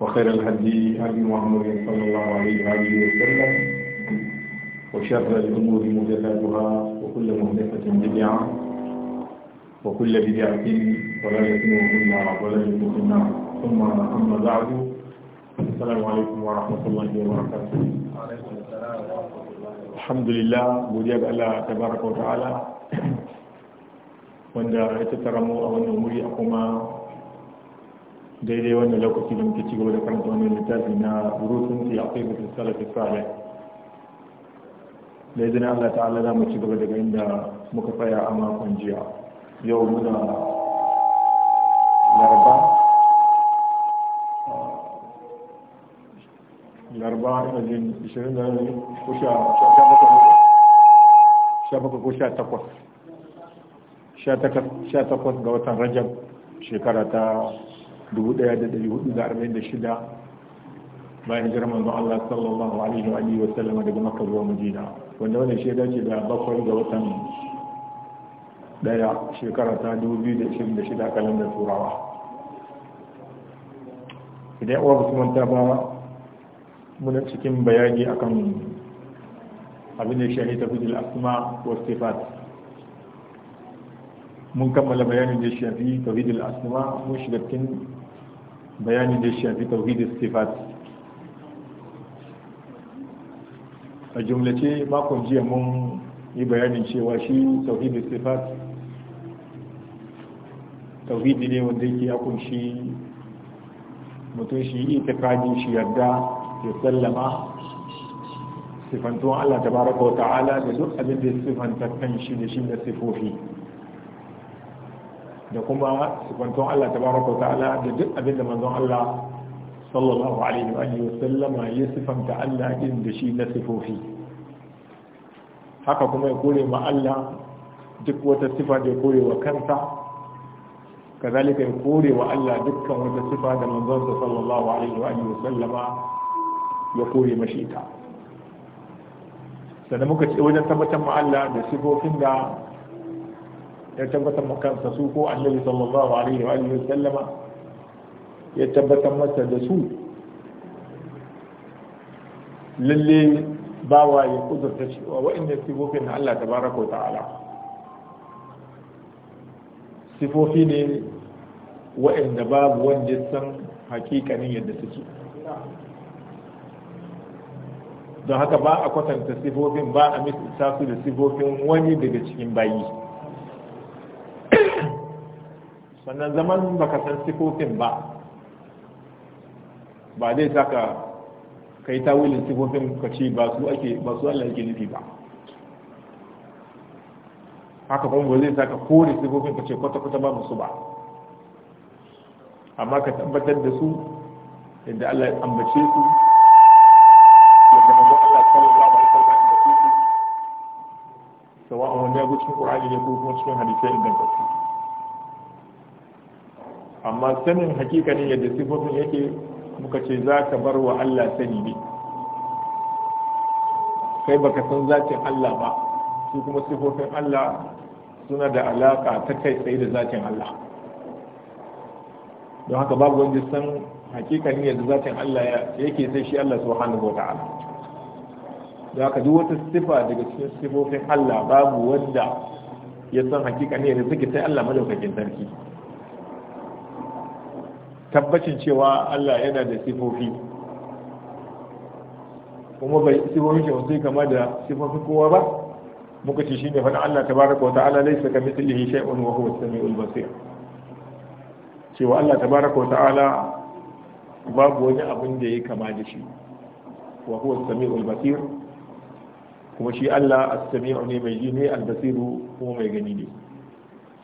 وخير الهدي هدي محمد صلى الله عليه وآله وسلم وشر الأمور محدثاتها وكل مهدفة بدعة وكل بدعة ضلالة وكل ضلالة في النار ثم أما بعد السلام عليكم ورحمة الله وبركاته الحمد لله مجاب الله تبارك وتعالى wanda ya أو أن a daidai wannan lokaci da muke cigaba da karanta wannan littafi na rufin fi aqidatu salafi salih da idan Allah ta'ala za mu cigaba daga inda muka tsaya a makon jiya yau muna larba larba a jin 20 da yanzu ko sha sha bakwai ko sha sha takwas ga watan rajab shekara ta 1446 bayan hijirar manzon Allah sallallahu alaihi wa alihi wa sallam daga Makka zuwa Madina wanda wannan shaida ce da bakwai ga watan daya shekara ta 2026 kalandar turawa idan uwa ba su manta ba muna cikin bayani akan abin da shi ta fijil asma wa sifat mun kammala bayanin da shafi tawhidul asma mun shiga cikin bayani da ya shafi tauhidin sifat a jumlace makon jiya mun yi bayanin cewa shi tauhidin sifat tauhidi ne wanda yake akunshi mutum shi itikadi shi yarda ya sallama sifantuwan Allah tabaraka wa ta'ala da duk abin da ya sifanta kan shi da shi da sifofi da kuma sifanton Allah ta tabaraka ta'ala da duk abin da manzon Allah sallallahu alaihi wa alihi sallama ya sifanta Allah din da shi na sifofi haka kuma ya kore ma Allah duk wata sifa da ya kore wa kansa kazalika ya kore wa Allah dukkan wata sifa da manzon sallallahu alaihi wa alihi sallama ya kore mashi ta sannan muka ce wajen tabbatar ma Allah da sifofin da ya tabbatar ma kansa su ko annabi sallallahu alaihi wa alihi sallama ya tabbatar masa da su lalle bawa ya kudurta cewa wa'inda sifofin na Allah tabaraka wa ta'ala sifofi ne wa'inda babu wanda san hakikanin yadda suke don haka ba a kwatanta sifofin ba a misa su da sifofin wani daga cikin bayi sannan zaman ka san sifofin ba ba zai ka kai tawilin sifofin ka ce ba su ake ba su Allah yake nufi ba haka kuma ba zai ka kore sifofin ka ce kwata-kwata ba musu ba amma ka tabbatar da su yadda Allah ya ambace su yadda manzo Allah sallallahu alaihi wasallam ya ambace su sawa'un wanda ya go cikin Qur'ani ne ko kuma cikin hadisi ingantattu amma sanin ne yadda sifofin yake muka ce za ka bar wa Allah sani ne kai baka san zacin Allah ba su kuma sifofin Allah suna da alaka ta kai tsaye da zacin Allah don haka babu wanda san ne yadda zacin Allah yake sai shi Allah subhanahu wa ta'ala da haka duk wata sifa daga cikin sifofin Allah babu wanda ya san ne yadda suke sai Allah madaukakin sarki tabbacin cewa Allah yana da sifofi kuma bai sifofin shi sai kama da sifofin kowa ba muka ce shine fa Allah tabaraka wa ta'ala laysa kamithlihi shay'un wa huwa as-sami'ul basir cewa Allah tabaraka wa ta'ala babu wani abin da ya kama da shi wa huwa as-sami'ul basir kuma shi Allah as-sami'u ne mai ji ne al-basiru kuma mai gani ne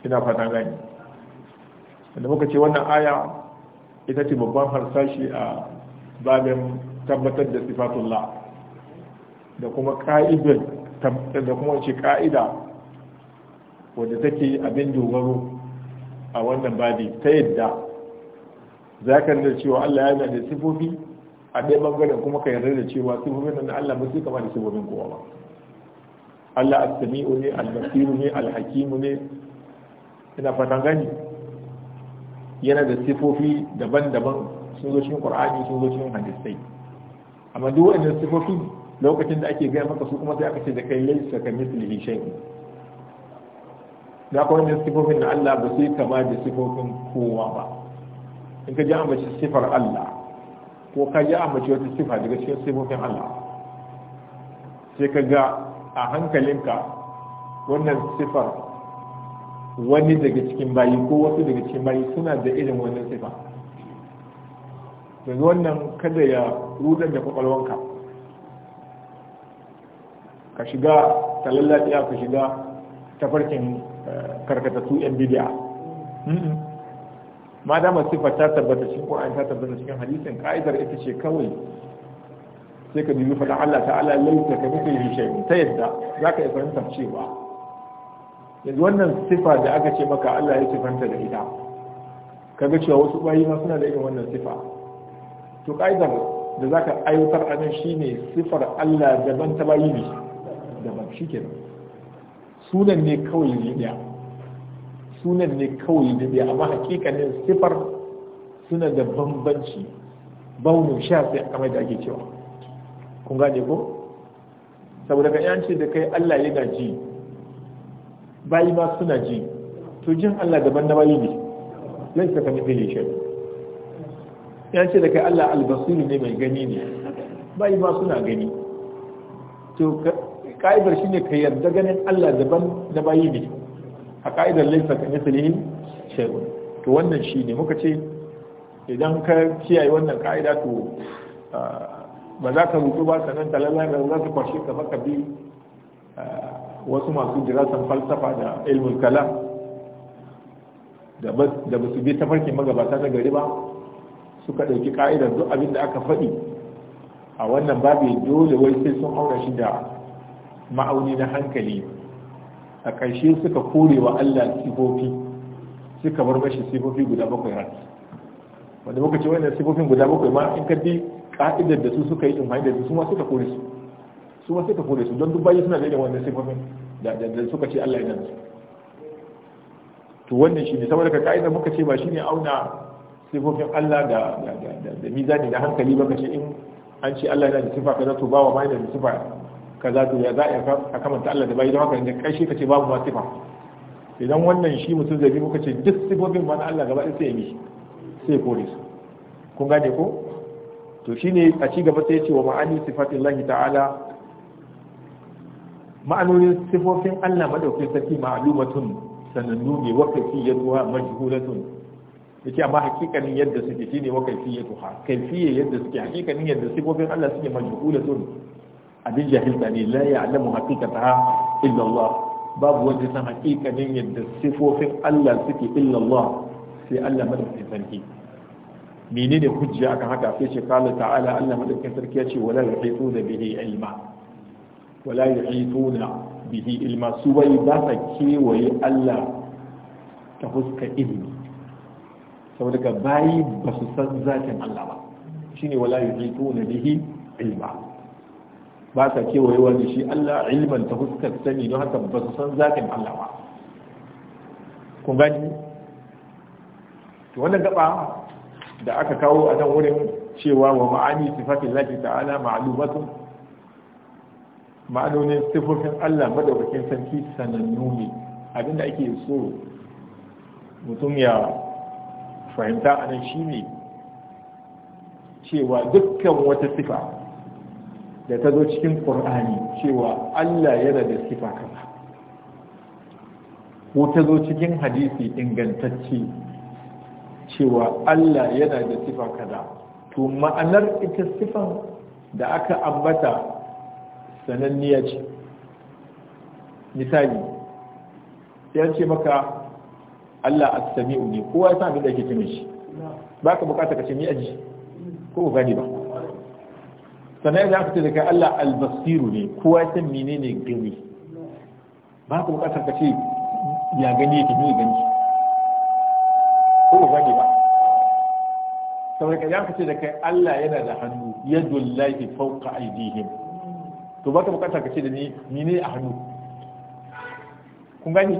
ina fata gani da muka ce wannan aya ita ce babban harsashi a babin tabbatar da sifatullah da kuma ka'idar da kuma wace ka'ida wadda take abin dogaro a wannan babi ta yadda za ka da cewa Allah ya da sifofi a ɗaya bangaren kuma ka yarda da cewa sifofin nan Allah ba sai kama da sifofin kowa ba Allah as-sami'u ne al-basiru ne al-hakimu ne ina fatan gani yana da sifofi daban-daban sun zo cikin qur'ani sun zo cikin hadisai amma duk waɗannan sifofi lokacin da ake gaya maka su kuma sai aka ce da kai laysa ka mislihi shay'un da kuma wannan sifofin da Allah ba sai kama da sifofin kowa ba in ka ji an bace sifar Allah ko ka ji an bace wata sifa daga cikin sifofin Allah sai ka ga a hankalinka wannan sifar wani daga cikin bayi ko wasu daga cikin bayi suna da irin wannan sifa yanzu wannan kada ya rudar da kwakwalwanka ka shiga ta talallaciya ka shiga tafarkin eh, karkatattu yan bidiya ma dama sifar ta tabbata cikin ƙwa'an ta tabbata cikin hadisin ka'idar ita ce kawai sai ka dubi faɗa Allah ta'ala laifin ka mutu yi shayi ta yadda za ka yi fahimtar cewa yanzu wannan sifa da aka ce maka Allah ya sifanta da ita kaga cewa wasu bayi ma suna da irin wannan sifa to ka'idar da zaka ayyukar anan shine sifar Allah daban ta bayi ne daban shikenan sunan ne kawai ne da sunan ne kawai ne da amma hakikanin sifar suna da bambanci bawo sha sai kamar da ake cewa kun gane ko saboda ka yanci da kai Allah yana ji bayi ma suna ji to jin Allah daban na bayi ne laisa ka mithli shi ya ce da kai Allah albasiri ne mai gani ne bayi ma suna gani to ka'idar shine ka yarda ganin Allah daban na bayi ne a ka'idar laisa ka mithli shay to wannan shi ne muka ce idan ka kiyaye wannan ka'ida to ah, ba za ka rutu ba sanan talala ba za ka kwashe ka baka bi wasu masu jirasan falsafa da ilmul kalam da ba su bi tafarkin magabata na gari ba suka ɗauki ka'idar duk abin da aka faɗi a wannan babu dole wai sai sun aura shi da ma'auni na hankali a ƙarshe suka kore wa Allah sifofi suka bar mashi sifofi guda bakwai rat wanda muka ce wannan sifofin guda bakwai ma in ka bi ka'idar da su suka yi imani da su ma suka kore su su ma sai ka kore su don duk bayi suna da wannan sifofin da da suka ce Allah ya nan to wannan shine saboda ka kaida muka ce ba shine auna sifofin Allah da da da mizani da hankali ba ka ce in an ce Allah yana da sifa kaza to ba ma mai da sifa kaza to ya za a kamanta Allah da bai don haka ne kai ka ce babu ma sifa idan wannan shi mutum zai bi muka ce duk sifofin ba na Allah gaba ɗaya sai ya bi sai ya kore su kun gane ko to shine a ci gaba sai ya ce wa ma'ani sifatin Allah ta'ala ma'anonin sifofin Allah madaukakin sarki ma'lumatun sanannu ne wa kayfiyatuha majhulatun yake amma hakikanin yadda suke shine wa kayfiyatuha kayfiyya yadda suke hakikanin yadda sifofin Allah suke majhulatun abin jahilta ne la ya'lamu hakika ta illallah babu wanda san hakikanin yadda sifofin Allah suke illallah sai Allah madaukakin sarki menene hujja akan haka sai shi kala ta'ala Allah madaukakin sarki ya ce wala yuhitu bihi ilma wala yuhituna bihi ilma su bai ba sa kewaye Allah ta fuska ilmi saboda ka bayi ba su san zatin Allah ba shine wala yuhituna bihi ilma ba sa kewaye wani shi Allah ilman ta fuskar sani don haka ba su san zatin Allah ba kun gani to wannan gaba da aka kawo a nan wurin cewa wa ma'ani sifatin lafi ta'ala ma'lumatun ma'anonin sifofin Allah madaukakin sarki sanannu ne abinda ake so mutum ya fahimta a nan shi ne cewa dukkan wata sifa da ta zo cikin ƙur'ani cewa Allah yana da sifa kama ko ta zo cikin hadisi ingantacce cewa Allah yana da sifa kaza to ma'anar ita sifan da aka ambata sananniya ce misali sai ce maka Allah a samiu ne kowa ya san abin da yake cin shi ba ka bukata ka ce ni aji ko ba gani ba sannan idan aka ce da kai Allah Albasiru basiru ne kowa ya san menene gani ba ka bukatar ka ce ya gani yake ne gani ko ba gani ba saboda ka yanka ce da kai Allah yana da hannu yadullahi fawqa aydihim to baka bukata ka ce da ni ni ne a hannu kun gani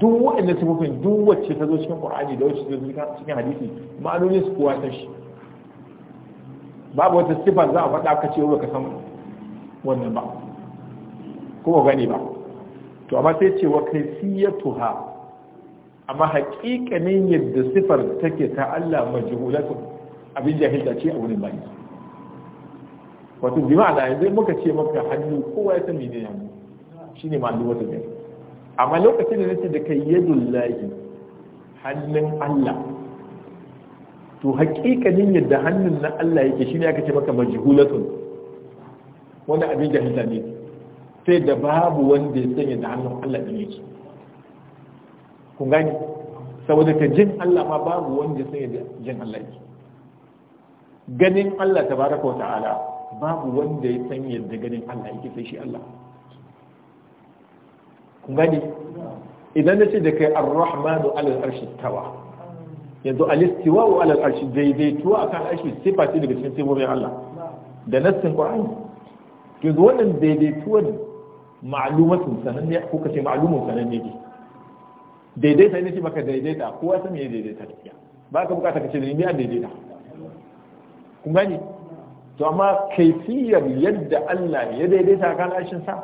duk waɗanda sifofin duk wacce ta zo cikin qur'ani da wacce ta zo cikin hadisi ma'anonin su kowa tashi. shi babu wata sifa za a faɗa ka ce ka san wannan ba ko ba gani ba to amma sai kai siya tuha. amma haƙiƙanin yadda sifar take ta Allah majhulatun abin jahilta ce a wurin bani wato jima'a ma'ana yanzu muka ce maka hannu kowa ya san mene ne hannu shine ma'anar wata ne amma lokacin da nace da kai yadul lahi hannun Allah to hakikanin yadda hannun na Allah yake shine aka ce maka majhulatun wani abin da jahilta ne sai da babu wanda ya sanya da hannun Allah din yake kun gani saboda ka jin Allah ma babu wanda ya sanya da jin Allah yake ganin Allah tabaraka wa ta'ala babu wanda ya san yadda ganin Allah yake sai shi Allah kun gani idan na ce da kai ar-rahmanu al arshi tawa yanzu al-istiwa wa al arshi daidaituwa akan arshi sifa ce daga cikin sifofin Allah da nassin Qur'ani yanzu wannan ne ma'lumatun sananne ko kace ma'lumun sananne ne daidaita ne ce baka daidaita kowa san me daidaita ba ka bukata kace ne me daidaita kun gani to amma kaifiyar yadda Allah ya daidaita kan arshin sa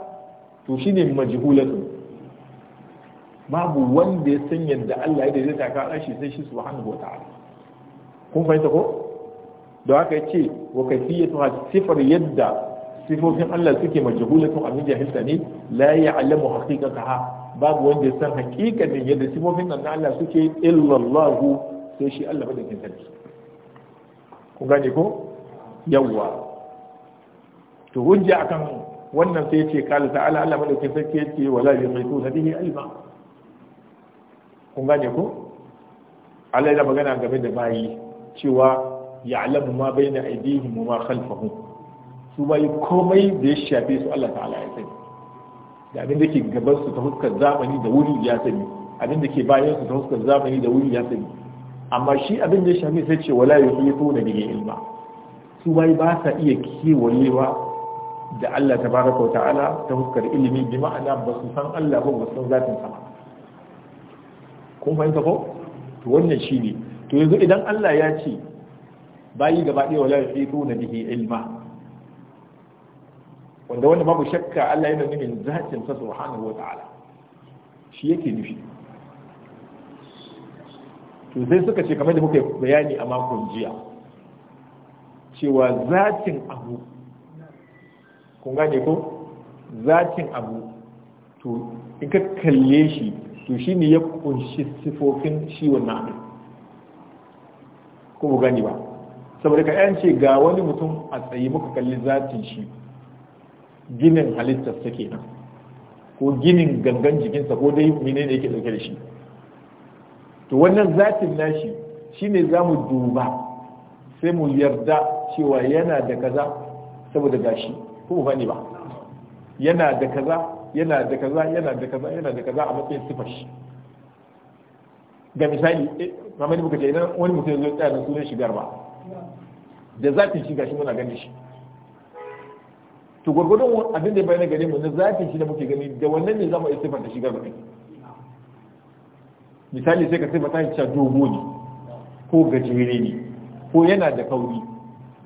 to ne majihulatu babu wanda ya san yadda Allah ya daidaita kan arshi sai shi subhanahu ta'ala kun fahimta ko da haka yace wa kaifiyatu sifar yadda sifofin Allah suke majhulatun abin jahilta ne la ya'lamu haqiqataha babu wanda ya san hakikatin yadda sifofin nan Allah suke illallahu sai shi Allah madaukin sarki ku gane ko yawwa to hujja akan wannan sai ce kala ta'ala Allah madaukakin sarki yace wala yuhituna bihi ilma kun gane ko Allah yana magana game da bayi cewa ya'lamu ma baina aydihim wa ma khalfahum su bayi komai da ya shafe su Allah ta'ala ya sani da abin da ke gaban su ta huskar zamani da wuri ya sani abin da ke bayan su ta huskar zamani da wuri ya sani amma shi abin da ya shafe sai ce wala yuhituna bihi ilma su wai ba sa iya kewayewa da Allah ta baraka wa ta'ala ta huskar ilimi bi ma'ana ba su san Allah ba ba su san zatin sama kun fahimta ko to wannan shi ne to yanzu idan Allah ya ce bayi gaba ɗaya wala yuhitu na bihi ilma wanda wanda babu shakka Allah yana nufin zatin sa subhanahu wa ta'ala shi yake nufi to sai suka ce kamar da muka bayani a makon jiya cewa zatin abu kun gane ko zatin abu to in ka kalle shi to shi ne ya kunshi sifofin ciwon na abu ko gani ba saboda ka yan ce ga wani mutum a tsaye muka kalli zatin shi ginin halittarsa kenan ko ginin gangan jikinsa ko dai ne yake dauke da shi to wannan zatin nashi shi ne za mu duba sai mu yarda cewa yana da kaza saboda gashi ko ba ne ba yana da kaza yana da kaza yana da kaza yana da kaza a matsayin sifar shi ga misali eh, kamar muka ce idan wani mutum zai tsaya da sunan shigar ba da zafin shi gashi muna ganin shi to gwargwadon abin da ya gare mu na zafin shi da muke gani da wannan ne za mu yi sifar da shigar ba misali sai ka sifar ta shi dogo ne ko gajere ne ko yana da kauri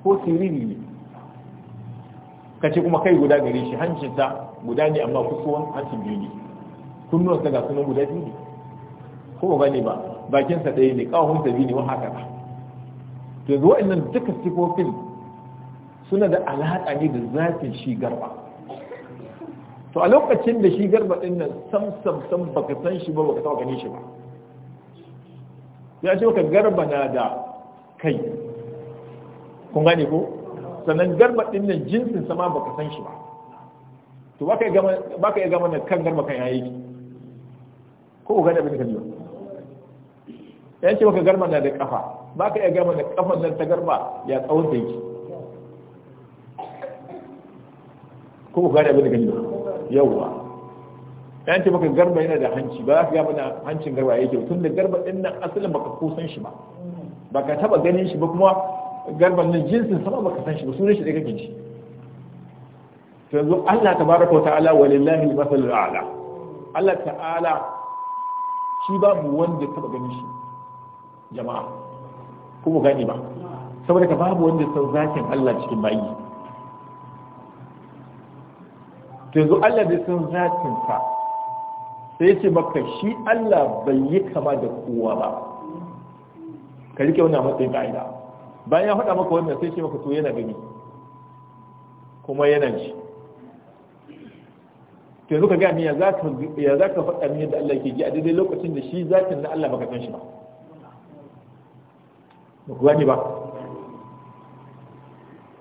ko siriri ne ka ce kuma kai guda gare shi hancinsa guda ne amma kusurwan hancin biyu ne kunnuwansa ga kuma guda biyu ne ko ba ne ba bakinsa ɗaya ne ƙawahunsa biyu ne wa haka ba to yanzu waɗannan duka sifofin suna da alaƙa ne da zafin shi garba to a lokacin da shi garba ɗin nan sam sam sam baka san shi ba baka taɓa ganin shi ba ya ce ka garba na da kai kun gane ko sannan garma din nan jinsin sama ba ka san shi ba to baka yi gama baka yi gama kan garma kan yayi ko ku gane abin da kan yi yan ce baka garma na da kafa baka yi gama da kafan nan ta garma ya tsawon da yake ko ku gane abin da kan yi yawwa yan ce baka garba yana da hanci ba za ka gama da hancin garba yake tun da garba din nan asalin baka kusan shi ba baka taba ganin shi ba kuma garban nan jinsin sama ka san shi ba sunan shi da kake ji to yanzu Allah baraka wa ta'ala walillahi al-masal al-a'la Allah ta'ala shi babu wanda ya taba ganin shi jama'a kuma gani ba saboda ka babu wanda ya san zakin Allah cikin bayi to yanzu Allah bai san zakin sa sai ce maka shi Allah bai yi kama da kowa ba ka rike wannan matsayin ka'ida bayan ya faɗa maka wannan sai ce maka to yana gani kuma yana ji to yanzu ka ga ni ya za ka faɗa min yadda Allah ke ji a daidai lokacin da shi zafin na Allah baka san shi ba ba ku gani ba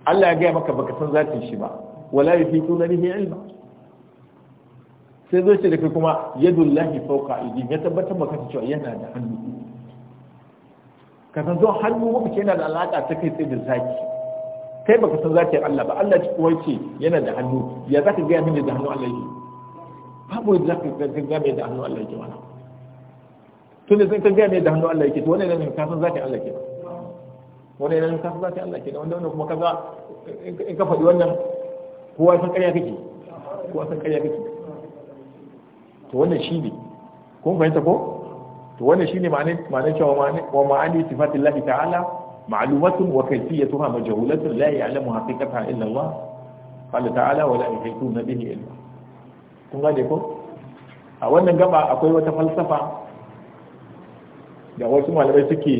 Allah ya gaya maka baka san zatin shi ba wala yufiquna bihi ilma sai zo ce da kai kuma yadullahi fawqa aydihim ya tabbatar maka cewa yana da hannu ka san zo hannu mafi yana da alaƙa ta kai sai da zaki kai baka san zaki Allah ba Allah ki kuwa ce yana da hannu ya zaka ga mini da hannu Allah yake babu yadda za ka gaya mini da hannu Allah yake wala tun ne zan ka gaya mini da hannu Allah yake to wannan ne ka san zaki Allah ke wannan ne ka san zaki Allah ke wannan wannan kuma kaza in ka faɗi wannan kowa san ƙarya kake kowa san ƙarya kake to wannan shi ne kun fahimta ko to wannan shine ma'anin ma'anin cewa wa ma'ani sifatillahi ta'ala ma'lumatun wa kayfiyatuha majhulatun la ya'lamu haqiqata illa Allah qala ta'ala wa la yuhituna bihi illa kun gane ko a wannan gaba akwai wata falsafa da wasu malamai suke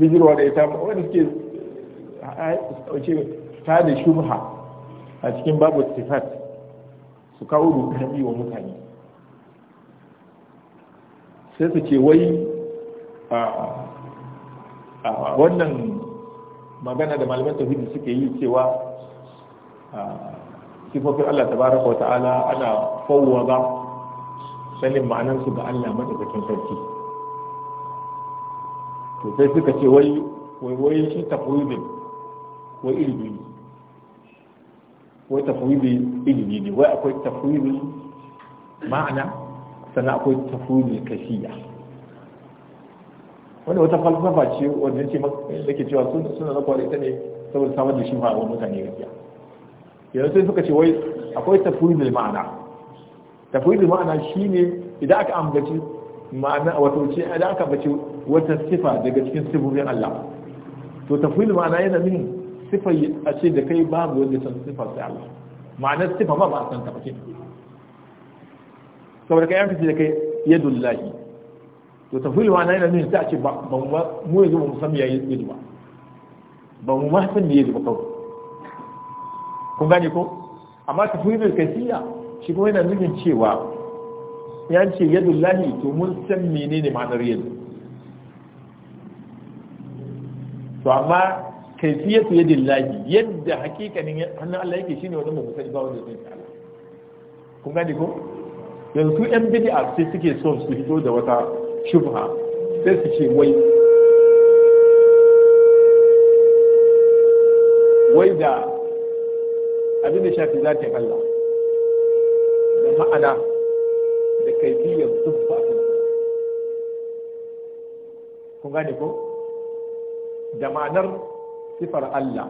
bijirwa da ita wanda suke ta da shubha a cikin babu sifat su kawo rukami wa mutane sai su ce wai a wannan magana da malaman tauhidi suke yi cewa sifofin Allah tabaraka wa ta'ala ana ba sanin ma'anarsu ga Allah madaukakin sarki to sai suka ce wai wai wai shi wai ilimi ne wai ilimi ne wai akwai tafwidi ma'ana sannan akwai ne kashiya wanda wata falsafa ce wanda ce da ke cewa suna na ta ne saboda samar da shifa wa mutane gaskiya yanzu sai suka ce wai akwai ne ma'ana ne ma'ana shi ne idan aka ambaci ma'ana wato ce idan aka ambaci wata sifa daga cikin sifofin Allah to ne ma'ana yana nufin sifa a ce da kai babu wanda san sifa sai Allah ma'anar sifa ba ba san ta ba saboda ka an fice da kai ya dullahi to tafwil wa nan ne ta ce ba mu yanzu mu san yayi yadu ba ba mu ma san yadu ba kawai kun gane ko amma tafwilul kasiya shi kuma yana nufin cewa ya ce ya dullahi to mun san menene ma'anar yadu to amma kaifiyatu ya lahi yadda hakikanin hannun Allah yake shine wannan mu sai ba wanda sai Allah kun gane ko yanzu su yan bidi'a sai suke son su fito da wata shubha sai su ce wai wai da abin da shafi zatin Allah da ma'ana da kaifiyar sun ba kun gane ko da ma'anar sifar Allah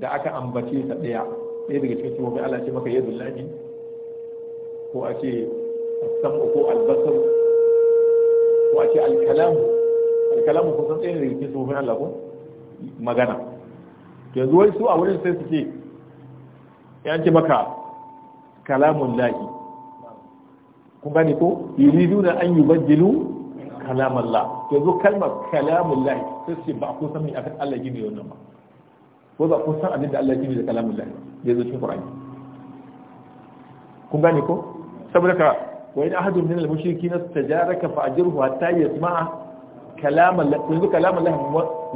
da aka ambace ta ɗaya ɗaya daga cikin sifofin Allah ce maka yadda lafi ko a ce sam'u ko albasar ko a ce alkalamu alkalamu ko san tsayin rikin su hukun Allah ko magana to yanzu wai su a wurin sai suke yan ce maka kalamun lahi kun gani ko nuna an yi bajilu kalamun la yanzu kalmar kalamun lahi sai su ce ba kun san mai akan Allah gini nan ba ko ba kun san abin da Allah gini da kalamun lahi yanzu cikin Qur'ani kun gani ko saboda ka wa in ahadun min al-mushrikin tajaraka fa ajruhu hatta yasma'a kalam Allah yanzu kalam Allah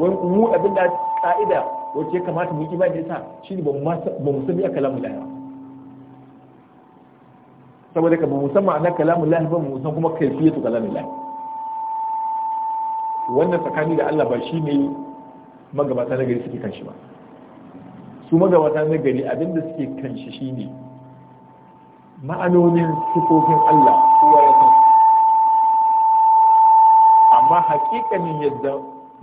mu abin da ka'ida wacce ya kamata mu kiba da ita shine ba mu san ya kalam Allah saboda ka ba mu san ma'anar kalamun lahi ba mu san kuma kaifiyatu kalamun lahi wannan tsakani da Allah ba shi ne magabata na gari suke kan shi ba su magabata na gari abinda suke kan shi shine ma'anonin sifofin Allah kowa ya san amma hakikanin yadda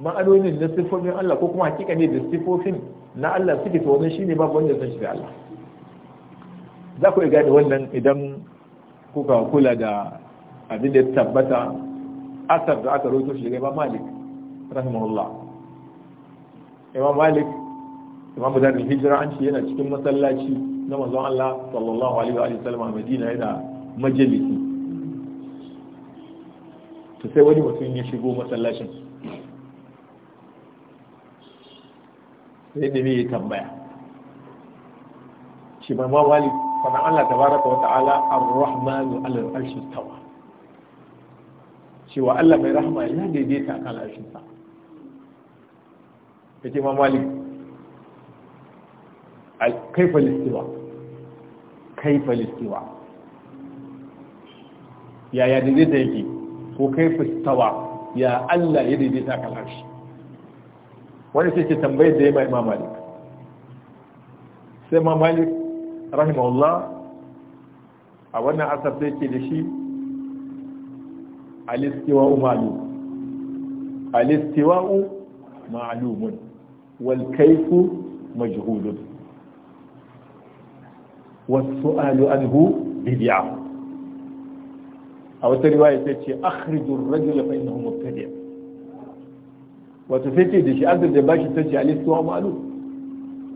ma'anonin na sifofin Allah ko kuma hakikanin da sifofin na Allah suke to wannan shine babu wanda san shi da Allah za ku gane wannan idan kuka kula da abin da tabbata asar da aka roto shi daga Imam Malik rahimahullah Imam Malik Imam Malik hijira an ce yana cikin masallaci na manzon Allah sallallahu alaihi wa sallam a Madina yana majalisi to sai wani mutum ya shigo masallacin sai da ya tambaya shi ma mawali fadan Allah tabaraka wa ta'ala ar-rahmanu ala al-arshi tawa cewa Allah mai rahama ya daidaita akan al'arshin sa yace ma malik al-kaifa al-istiwa kaifa listiwa yaya daidaita yake ko kaifa stawa ya Allah ya daidaita kan kalashi? wani sai ke tambayar da ya ma imam malik sai imam malik rahimahullah a wannan asar sai ke da shi A ma'lum alistiwa'u ma'lumun wal kaifu majhulun والسؤال عنه بدعة أو رواية تتشي أخرج الرجل فإنه مبتدع وتتشي دي شي أزل دي باشي تتشي عليه سواء معلوم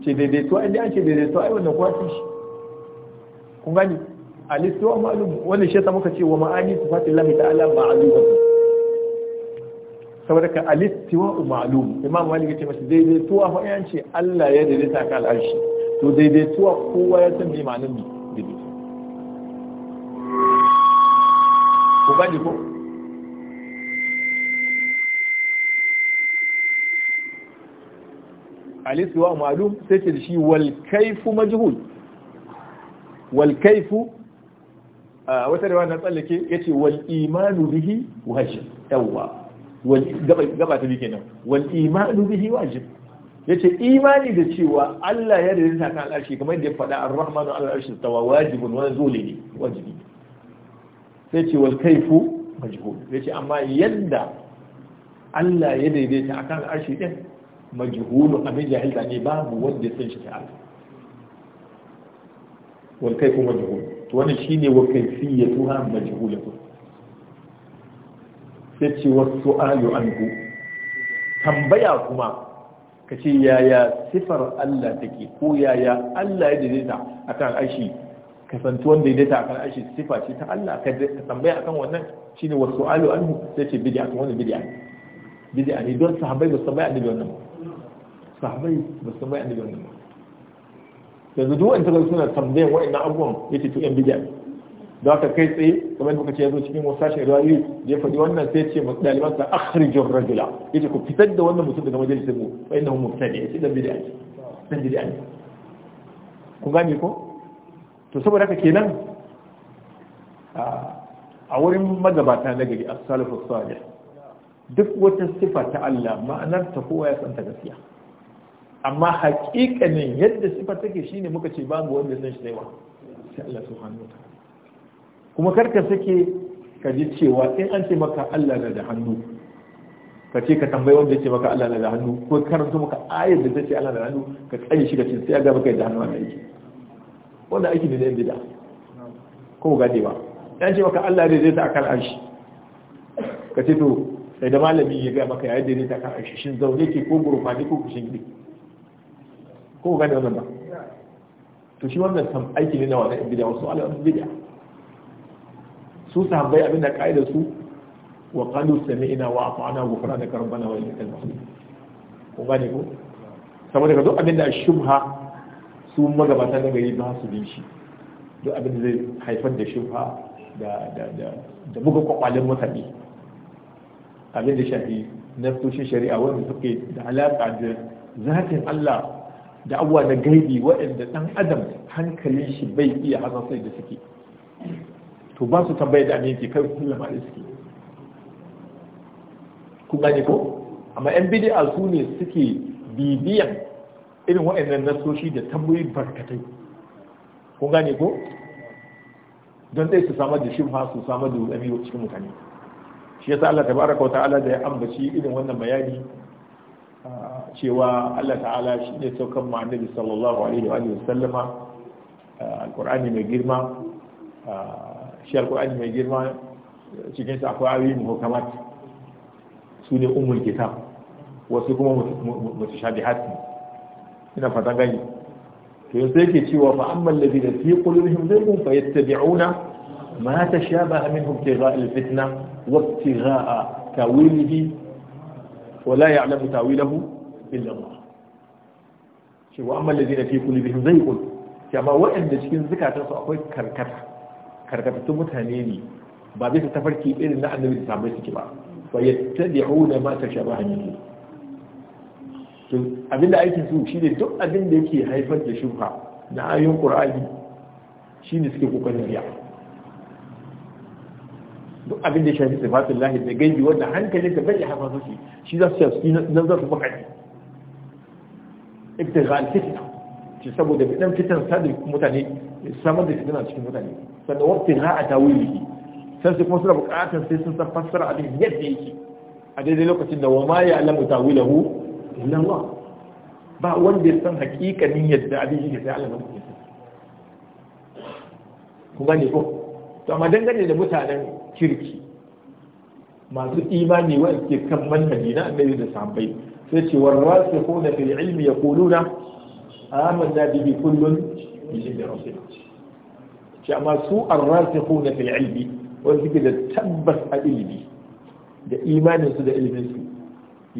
شي دي دي سواء اللي أنشي دي دي سواء وانا قواتيش kun gani a listuwa ma'alum wannan shi yasa muka ce wa ma'ani su fatin lamu ta'ala ma'alumatu saboda ka a listuwa ma'alum imam malik ya ce masu daidai tuwa fa yan Allah ya daidaita ka al'arshi to daidaituwa kowa ya san mai ma'anar mi daidaituwa ku gani ko alisuwa ma'alum sai ce da shi walkaifu majhul walkaifu a wata da na tsallake ya ce wal imanu bihi wajib yawwa gaba ta bi kenan wal imanu bihi wajib yace imani da cewa Allah ya zinta kan al'arshi kamar yadda ya faɗa ar-rahmanu al-arshi tawa wajibun wa zuli ne wajibi sai ce wal kaifu majhul yace amma yadda Allah ya daidaita akan al'arshi din majhulu abin da ne babu wanda ya san shi ta'ala wal kaifu majhul to wannan shine wa kaifiyatuha majhulatu sai ce wasu ayu anhu tambaya kuma ka ce yaya sifar Allah take ko yaya Allah ya daidaita akan aishi kasantu wanda ya daidaita akan aishi sifa ce ta Allah ka tambaya akan wannan shine wasu alu anhu sai ce bid'a ko wannan bid'a bid'a ne don sahabbai ba su tambaya annabi wannan ba sahabbai ba su tambaya annabi wannan ba yanzu duk wanda suna tambayan wa'annan abubuwan ce to yan bid'a ne da ka kai tsaye kamar kuka ce yanzu cikin wasu sashen rayu ya faɗi wannan sai ce masu ɗaliban sa akhrijin rajula ya ce ku fitar da wannan mutum daga majalisar mu ba inda mu fitar da ya ce dan bid'a ne dan bid'a ne ku gane ko to saboda haka kenan a wurin magabata na gari a salafu salih duk wata sifa ta Allah ma'anar ta kowa ya santa gaskiya amma hakikanin yadda sifa take shine muka ce babu wanda zan shi sai wa sai Allah subhanahu wa ta'ala kuma karka sake ka ji cewa in an ce maka Allah na da hannu ka ce ka tambayi wanda ce maka Allah na da hannu ko karanta maka ayar da zai ce Allah na da hannu ka tsaye shi ka ce sai ya ga maka da hannu wanda aiki wanda aiki ne na yin bid'a ko gade ba an ce maka Allah ne zai ta akal arshi ka ce to sai da malami ya ga maka ya daidaita ta akan arshi shin zaune ke ko gurfani ko kushin gidi ko gade wannan ba to shi wannan aiki ne na wannan bid'a wasu na bid'a su sahabbai abinda ka'idar su wa qalu sami'na wa ata'na ghufranaka rabbana wa ilaykal masir ko gane ko saboda ka duk abinda shubha su magabata na gari ba su bin shi duk abinda zai haifar da shubha da da da da buga kwakwalin mutane abin da shafi naftoshin shari'a wanda suke da alaƙa da zatin Allah da abuwa na gaibi waɗanda ɗan adam hankalin shi bai iya hana sai da suke to ba su tambaye da aminci kai kullum a riski kun gane ko amma yan bid'a su ne suke bibiyan irin waɗannan nasoshi da tambayoyi barkatai kun gane ko don dai su samar da ba su samar da wani wudami cikin mutane shi yasa Allah tabaraka ta'ala da ya ambaci irin wannan bayani cewa Allah ta'ala shi ne saukan Muhammad sallallahu alaihi wa sallama alqur'ani mai girma shi mai girma cikin sa akwai ayoyi muhkamat su ne umul kitab wasu kuma mutashabihat ina fatan gani to yanzu yake cewa fa ammal ladina fi qulubihim zaygun fayattabi'una ma tashabaha minhu ibtigha'a alfitna wa ibtigha'a tawilihi wa la ya'lamu tawilahu illa Allah cewa ammal ladina fi qulubihim zaygun kama wa'anda cikin zukatansu akwai karkata karkatattun mutane ne ba zai ta tafarki irin na annabi da sabai suke ba fa yattabi'una ma tashabaha minhu to abinda aikin su ne duk abin da yake haifar da shuka na ayon ayoyin shi ne suke kokarin biya duk abin da ya shafi sifatun lahi da gaibi wanda da bai ya haifar su shi za su shafi nan za su baka ne ibtigha al-fitna ce saboda bidan fitan sadi mutane samar da fitina cikin mutane sannan waktin ha a tawili sai su kuma suna bukatar sai sun san fassara abin yadda yake a daidai lokacin da wa ma ya alamu tawilahu illa Allah ba wanda ya san hakikanin yadda abin yake sai Allah ne ku gane ko to amma dangane da mutanen kirki masu imani wa ke kan manhaji na annabi da sahabbai sai ce warrasikuna fil ilmi yaquluna amanna bihi kullun min inda rabbina shi amma su arrasikhuna fil ilmi wanda suke da tabbas a ilimi da imanin su da ilimin su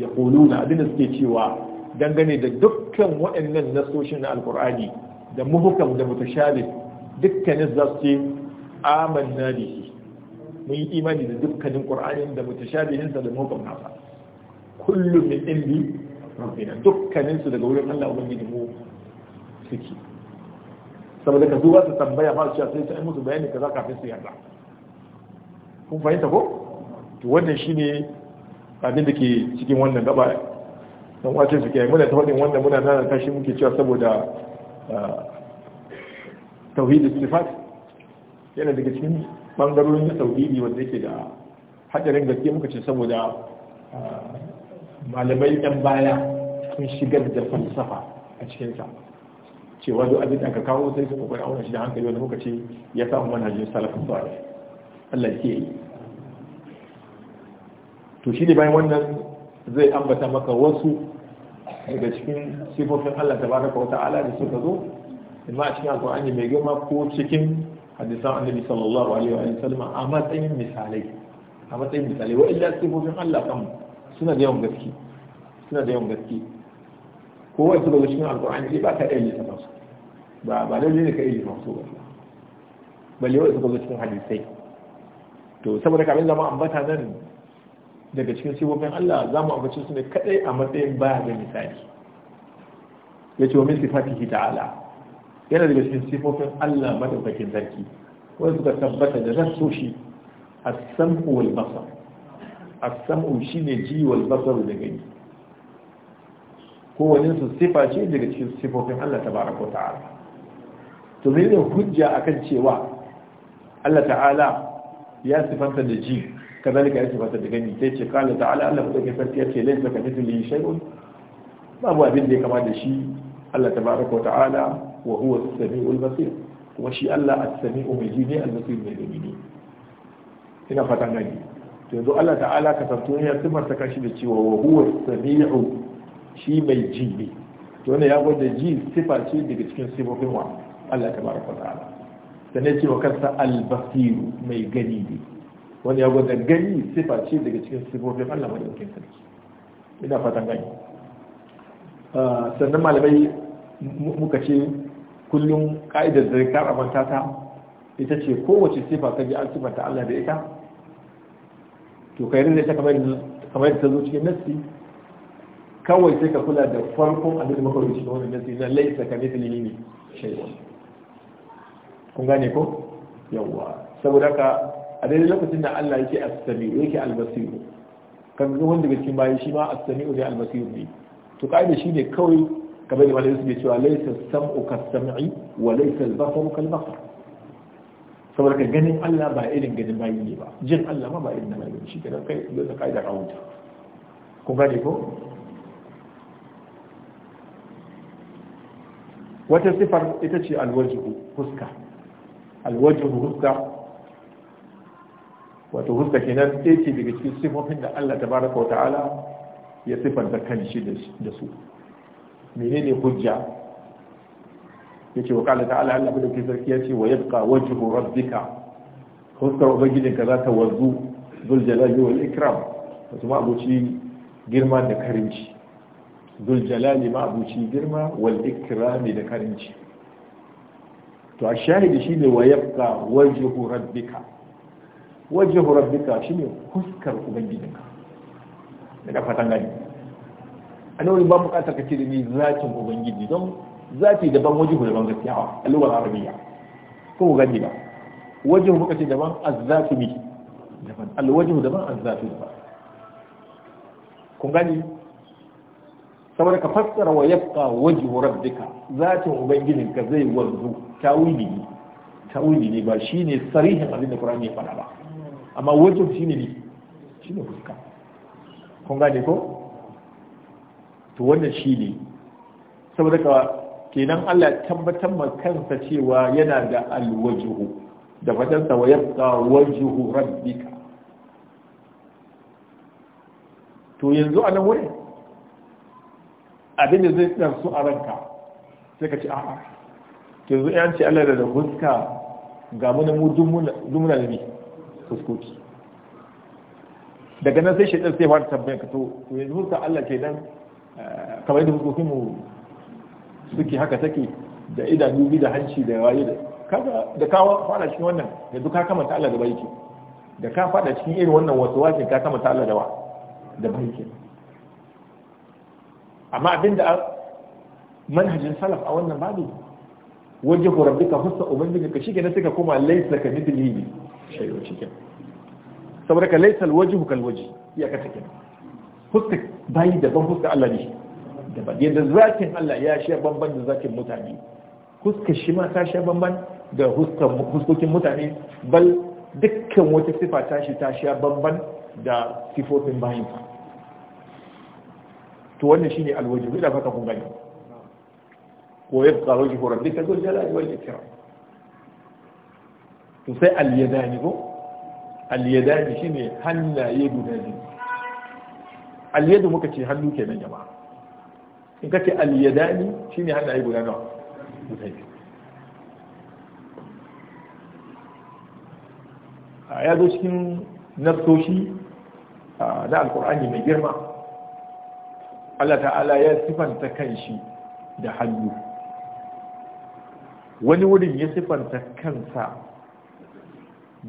yaquluna abinda suke cewa dangane da dukkan waɗannan nasoshin na alqur'ani da muhukam da mutashabih dukkanin za su ce amanna bihi mun yi imani da dukkanin qur'anin da mutashabihin sa da muhukam nasa kullum min indi rabbina dukkanin su daga wurin Allah ubangiji mu ciki saboda ka zuwa su tambaya ba su sai ta yi musu bayani kaza kafin su yarda kun fahimta ko to wannan shine abin da ke cikin wannan gaba don wace su kai muna ta faɗin wannan muna nan kashi muke cewa saboda ah, tauhidi sifat yana daga cikin bangarorin na tauhidi wanda yake da hadarin gaske muka ce saboda ah, malamai yan baya sun shigar da falsafa a cikin sa cewa duk abin da aka kawo sai su kokarin auna shi da hankali wani lokaci ya samu manhajin salafin salih Allah ke yi to shi ne bayan wannan zai ambata maka wasu daga cikin sifofin Allah ta baraka wa ta'ala da suka zo ma a cikin alƙur'ani mai girma ko cikin hadisan annabi sallallahu alaihi wa sallam a matsayin misalai a matsayin misalai wa illa sifofin Allah kan suna da yawan gaske suna da yawan gaske ko wasu daga cikin alkur'ani sai ba ka iya lissafa su ba ba lalle ne ka iya lissafa su ba balle wasu daga cikin hadisai to saboda kamin zama ambata nan daga cikin sifofin Allah za mu ambace su ne kadai a matsayin baya ga misali ya ce wa min sifatihi ta'ala yana daga cikin sifofin Allah madaukakin sarki wanda suka tabbata da nassoshi as-sam'u wal basar A samu shine ji wal basar da gani kowane su sifa ce daga cikin sifofin Allah ta tabaraka ta'ala to me ne hujja akan cewa Allah ta'ala ya sifanta da ji kazalika ya sifanta da gani sai ce kala ta'ala Allah ta ke kai ya yace laysa ka mithlihi shay'un babu abin da ya kama da shi Allah tabaraka ta'ala wa huwa as-sami'ul basir kuma shi Allah as-sami'u mai ji ne al-basir mai gani ne ina fatan gani to yanzu Allah ta'ala ka santo ya sifanta kashi da cewa wa huwa as-sami'u shi mai ji ne to ne ya gwada ji sifa ce daga cikin sifofin wa Allah tabaraka wa ta'ala ne ce wa kansa al mai gani ne wani ya gwada gani sifa ce daga cikin sifofin Allah mai yankin sarki ina fatan gani ah, sannan malamai muka ce kullum ka'idar da ka rabanta ta ita ce kowace sifa ta ji an sifanta Allah da ita to kai rinda ta kamar da ta zo cikin nassi kawai sai ka kula da farkon abin da makwai shi wani nasi na laisa ka nufi ne shaiwa kun gane ko yawwa saboda ka a daidai lokacin da Allah yake a sami yake albasiru kan ga wanda ga cikin bayan shi ma a sami da albasiru ne to kaida shi ne kawai ka bai da malamin suke cewa laisa as-sam'u ka sami wa laisa al-basaru kal saboda ka ganin Allah ba irin ganin bayi ne ba jin Allah ma ba irin na bayi shi kenan kai da kaida kawunta kun gane ko wata sifar ita ce alwajibu fuska alwajibu fuska wato fuska kenan ɗaya ce daga cikin sifofin da Allah baraka wa ta'ala ya kan shi da su menene hujja ce wa ƙala ta'ala Allah bude kin sarki ce wa yabqa wajhu rabbika fuskar ubangijinka za ta wazu zul yi wal ikram wasu ma abuci girma da karinci zuljalali ma'abuci girma wal ikrami da karinci to a shahidi shine wa yabqa wajhu rabbika wajhu rabbika shine fuskar ubangijinka daga fatan gani a nan ba buƙatar ka ce da ni zatin ubangiji don zati daban wajhu daban gaskiya a lugar arabiya ko ku gani ba wajhu muka ce daban azzatu bi daban alwajhu daban azzatu daban kun gani saboda ka fassara wa yabqa wajhu rabbika zatin ubangijin ka zai wanzu tawili ne tawili ne ba shine sarihin abin da Qur'ani ya fada ba amma wajhu shine ne shine fuska kun gane ko to wannan shine saboda ka kenan Allah ya tabbatar ma kansa cewa yana da alwajhu da fatansa wa yabqa wajhu rabbika to yanzu anan wurin abinda zai ɗan su a ranka sai ka a a'a ke zo yan ce Allah da da huska ga muna mu dumuna da bi fuskoki daga nan sai ɗan sai fara tambayar ka to yanzu huska Allah ke nan eh, kamar yadda huskokin mu suke haka take da idanu bi da hanci da waye da da ka fara cikin wannan da duka kamanta Allah da baiki da ka fada cikin irin wannan wasu wajen ka kamanta Allah da wa da baiki amma abinda manhajin salaf a wannan babu waje rabbika hussa ubangiji ka shige na suka koma laisa ka mithlihi shay'un cikin saboda ka laisa waje hukal wajhi ya ka take huska bai da ban huska Allah ne da ba yanda zakin Allah ya sha bamban da zakin mutane huska shi ma ta sha bamban da huskokin mutane bal dukkan wata sifa ta shi ta sha bamban da sifofin bayinsa to wannan shine alwaji da fata kun gani ko ya yabqa wajhu ta dhul jalali wal kira to sai al yadani ko al shi shine hannaye guda biyu al muka ce hannu ke nan jama'a in kace al shi shine hannaye guda nawa guda biyu ya zo cikin nafsoshi na alkur'ani mai girma Allah ta'ala ya sifanta kanshi da hannu wani wurin ya sifanta kansa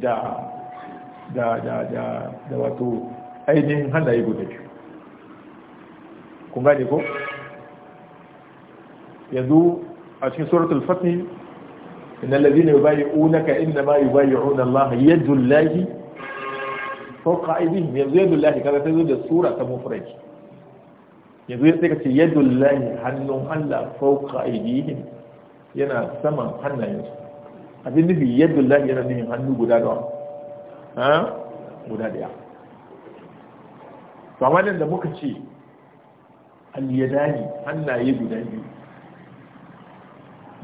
da da da da da wato ainihin hannaye guda biyu kun gane ko yanzu a cikin suratul fatih innal ladina yubayyi'unaka innama yubayyi'una Allah yadullahi fawqa aydihim yanzu yadullahi kaga ta zo da sura ta mufradi yanzu sai ka ce yadullahi hannun Allah fauka yi yana saman hannayensu abin nufi lahi yana nufin hannu guda da ha guda daya samanin da muka ce al hannaye guda biyu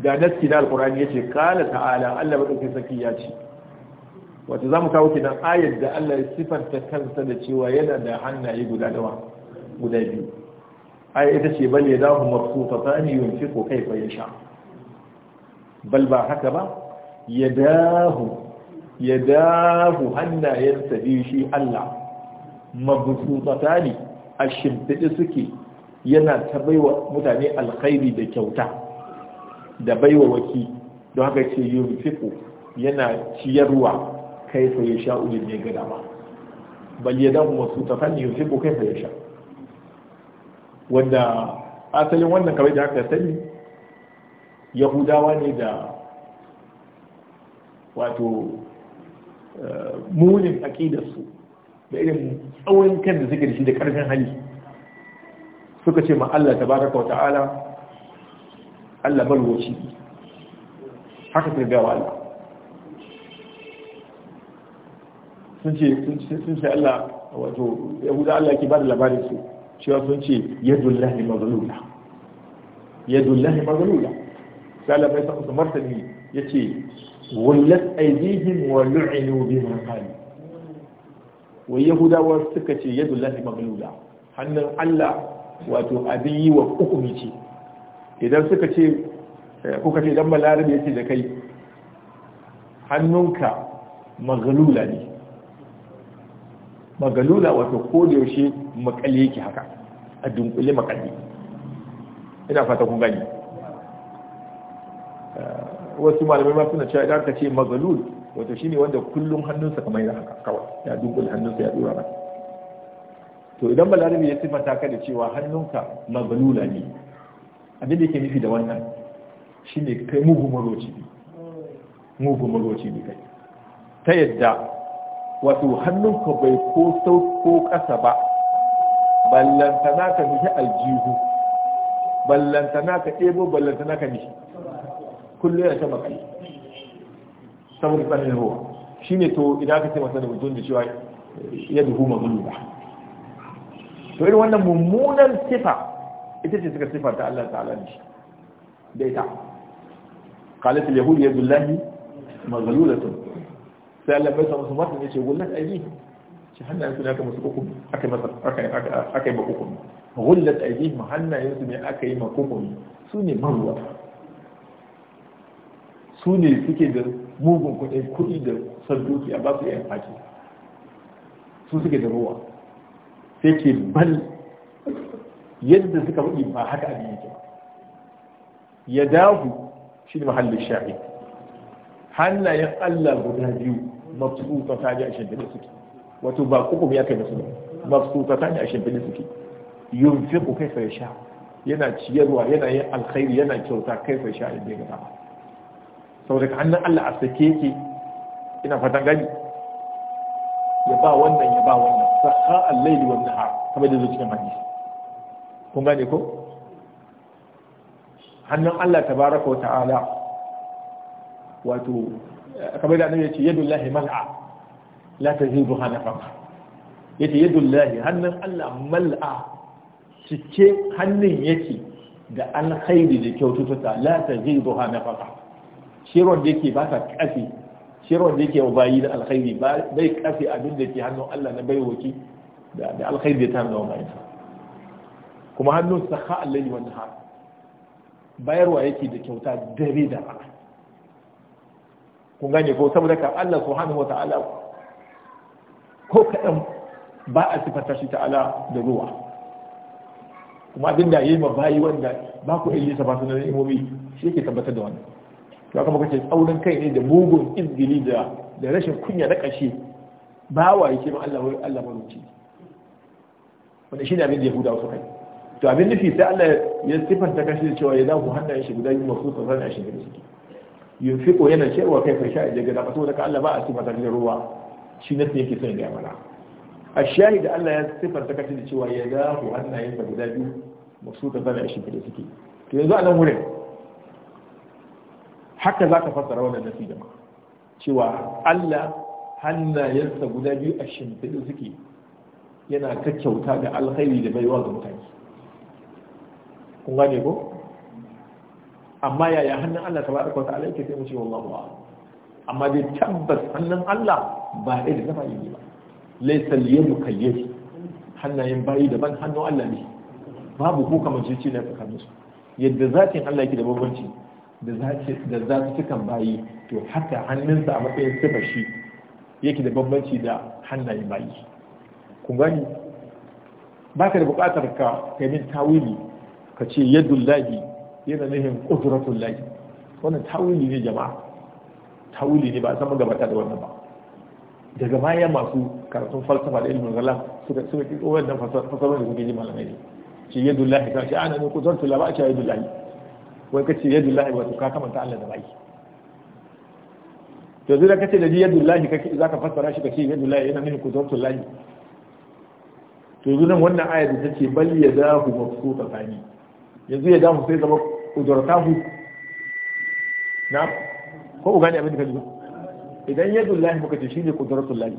ga naski na alkurani ya ce kala ta'ala Allah maɗauki saki ya ce wata za mu kawo nan ayar da Allah ya sifanta kansa da cewa yana da hannaye guda dawa guda biyu ai ita ce bal yadahu mabsutatan yunfiqu kayfa yasha bal ba haka ba yadahu yadahu hanna yantabi shi Allah a ashimfidi suke yana ta baiwa mutane alkhairi da kyauta da baiwa waki don haka ce yunfiqu yana ciyarwa kaifa yasha ulil ne gada ba bal yadahu mabsutatan yunfiqu kayfa yasha wanda asalin wannan kawai da aka sani yahudawa ne da wato eh, munin aƙidarsu da irin tsawon kan da suke da shi da ƙarfin hali suka ce ma Allah ta baraka wa ta'ala Allah malwaci haka ta gawa Allah sun ce Allah wato Yahudawa, Allah ke ba da labarin su cewa sun ce yadullahi mazlula yadullahi mazlula salamai sa musu martani ce, wallat aydihim wa lu'inu bima qalu wa yahudawa suka ce yadullahi mazlula hannun Allah wato abin yi wa hukumi ce idan suka ce eh, kuka ce dan balarabe ya ce da kai hannunka mazlula ne magalula wato ko da yaushe makale yake haka a dunkule makalle. ina fata kun gani eh, wasu malamai ma suna cewa idan ka ce magalul wato shine wanda kullum hannunsa kamar yana haka kawai ya dunkule hannunsa ya dora to idan balarabe ya sifanta ka da cewa hannunka magalula ne abin da yake nufi da wannan shine kai mugu maroci ne mugu maroci ne kai ta yadda wato hannunka bai ko sau ko ƙasa ba ballantana ka nishi aljihu ballantana ka ɗebo ballantana ka nishi kullum ya sama kai saboda tsanin ruwa shi ne to idan ka ce masa da mutum da cewa ya duhu mamulu ba to irin wannan mummunan sifa ita ce suka sifa ta Allah ta'ala ne da ita qalat al-yahud yadullahi maghlulatun sai Allah bai samu su matan ya ce gullat aiki shi hannayensu ne aka masu hukumi aka yi masa aka yi ma hukumi gullat aiki ma su ne aka yi ma hukumi su ne maruwa su ne suke da mugun kuɗi kuɗi da son dukiya ba su yin haƙi su suke da ruwa sai ke bal yadda suka faɗi ba haka abin yake ba ya dahu shi ne mahallin sha'i hannayen Allah guda biyu mabsuta ta ne a shimfiɗe suke wato ba kuku ya kai musu mabsuta ta ne a shimfiɗe suke ku kai kaifa sha? yana ciyarwa yana yin alkhairi yana kyauta kaifa yasha inda ya ga saboda hannun Allah a sake yake ina fatan gani ya ba wannan ya ba wannan saha al-layli wan nahar kamar da zo cikin hadisi kun gane ko hannun Allah tabaraka wa ta'ala wato kamar da annabi yace yadullahi mal'a la tazidu hanafa yace lahi hannun Allah mal'a cike hannun yake da alkhairi da kyaututtuka la tazidu hanafa shiron da yake ba ta kafi shiron da yake bayi da alkhairi bai kafi abin da ke hannun Allah na bai waki da alkhairi ta ta hannun ta kuma hannun Allah ha'allai wannan har bayarwa yake da kyauta dare da rana kun gane ko saboda ka Allah subhanahu wata'ala ko kadan ba a sifata shi ta'ala da ruwa kuma abin da yayi mabayi bayi wanda ba ku iya lissafa su na imomi shi yake tabbatar da wannan to kuma kace tsaurin kai ne da mugun izgili da da rashin kunya na kashi ba wa yake ma Allah wai Allah maruci wanda shi ne abin da Yahudawa suka yi to abin nufi sai Allah ya sifanta kashi da cewa ya za ku hannayen shi guda biyu masu tsaron a shi ne suke yunfiko yana cewa kai fa sha'i daga da saboda ka Allah ba a cikin da ruwa shi ne yake son ya mana a shahi da Allah ya ta kace da cewa ya ga ko hannayen da guda biyu masu da bala shi da suke to yanzu a nan wurin haka za ka fassara wannan nasi da cewa Allah hannayensa guda biyu a shimfiɗe suke yana kyauta ga alkhairi da baiwa ga mutane kun gane ko amma yaya hannun Allah ta wa ta'ala yake sai mace wallahu ba? amma dai tabbas hannun Allah ba ɗaya da zama yi ba laysa al mu kayyadi hannayen bayi daban hannun Allah ne babu ko kamar shi ce na tsakanin su yadda zatin Allah yake da bambanci da za su cikan bayi to haka hannunsa a matsayin sifar shi yake da bambanci da hannayen bayi kun gani ba ka da buƙatar ka kai min tawili ka ce yadullahi yana nufin ƙudurafin layi wannan tawili ne jama'a tawili ne ba a san gabata da wannan ba daga baya masu karatun falsafa da ilmin kalam suka suka ki wannan fasarar da kuke ji malamai ne ce yadu lahi ka ce ana ne ku zartu laba ce yadu lahi wai ka ce yadu lahi wato ka kamanta Allah da baki to zai ka ce da yadu lahi za ka fassara shi ce yadu lahi yana nufin ku zartu lahi to yanzu nan wannan aya da ce bal yadahu mabsuta tani yanzu ya damu sai zama udurtahu na ko ugani abin da kaji idan yadullahi muka ce shine lahi,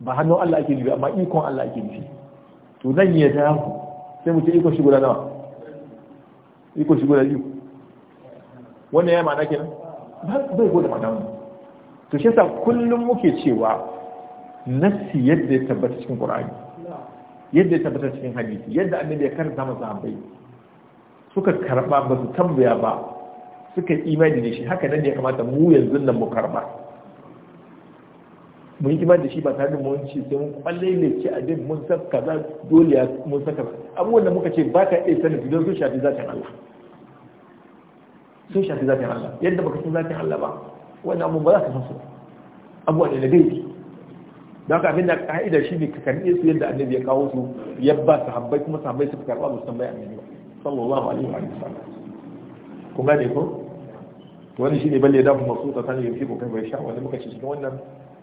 ba hannu Allah ake nufi amma ikon Allah ake nufi to zan yi ta yaku sai mu ce ikon shi guda nawa ikon shi guda biyu wannan ya ma'ana kenan ba bai gode ma'ana wannan to shi yasa kullum muke cewa nassi yadda ya tabbata cikin qur'ani yadda ya tabbata cikin hadisi yadda annabi ya karanta masa bai. suka karba ba su tambaya ba suka imani da shi haka nan ne kamata mu yanzu nan mu karba mun yi imani da shi ba tare da mun ce sai mun kwalle ne ci a din mun san kaza dole ya mun saka kaza abubuwan da muka ce ba ka iya sanin don sun shafi zatin Allah sun shafi zatin Allah yadda baka san zatin Allah ba wannan abubuwan ba za ka san su abubuwa da na gaibi don haka abin da ka'ida shi ne ka karɓe su yadda annabi ya kawo su ya ba sahabbai kuma sahabbai suka karɓa musamman annabi ba sallallahu alaihi wa sallam kun gane ko wani shi ne balle da kuma su tsakanin yanzu ko kai bai sha wanda muka ci cikin wannan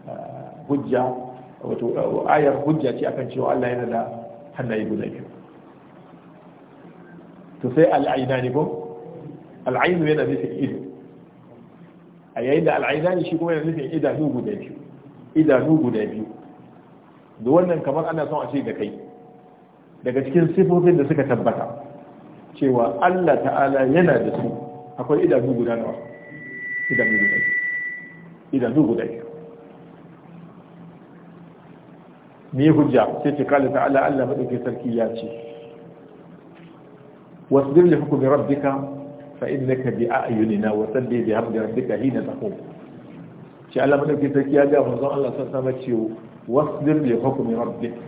ah, hujja wato ah, ayar hujja ce akan cewa Allah yana da hannaye guda biyu to sai al'aina ne ko al'ainu yana nufin ido a yayin da al'aina ne shi kuma yana nufin idanu guda biyu idanu guda biyu da wannan kamar ana son a ce da kai daga cikin sifofin da suka tabbata cewa Allah ta'ala yana da su akwai idanu guda nawa idanu guda idanu guda me hujja sai ce kala ta'ala Allah madaukakin sarki ya ce wasu li hukmi rabbika fa innaka bi a a'yunina wa sabbi bi hamdi rabbika hina taqum ce Allah madaukakin sarki ya ga manzon Allah sallallahu alaihi wasallam ce wasbir li hukmi rabbika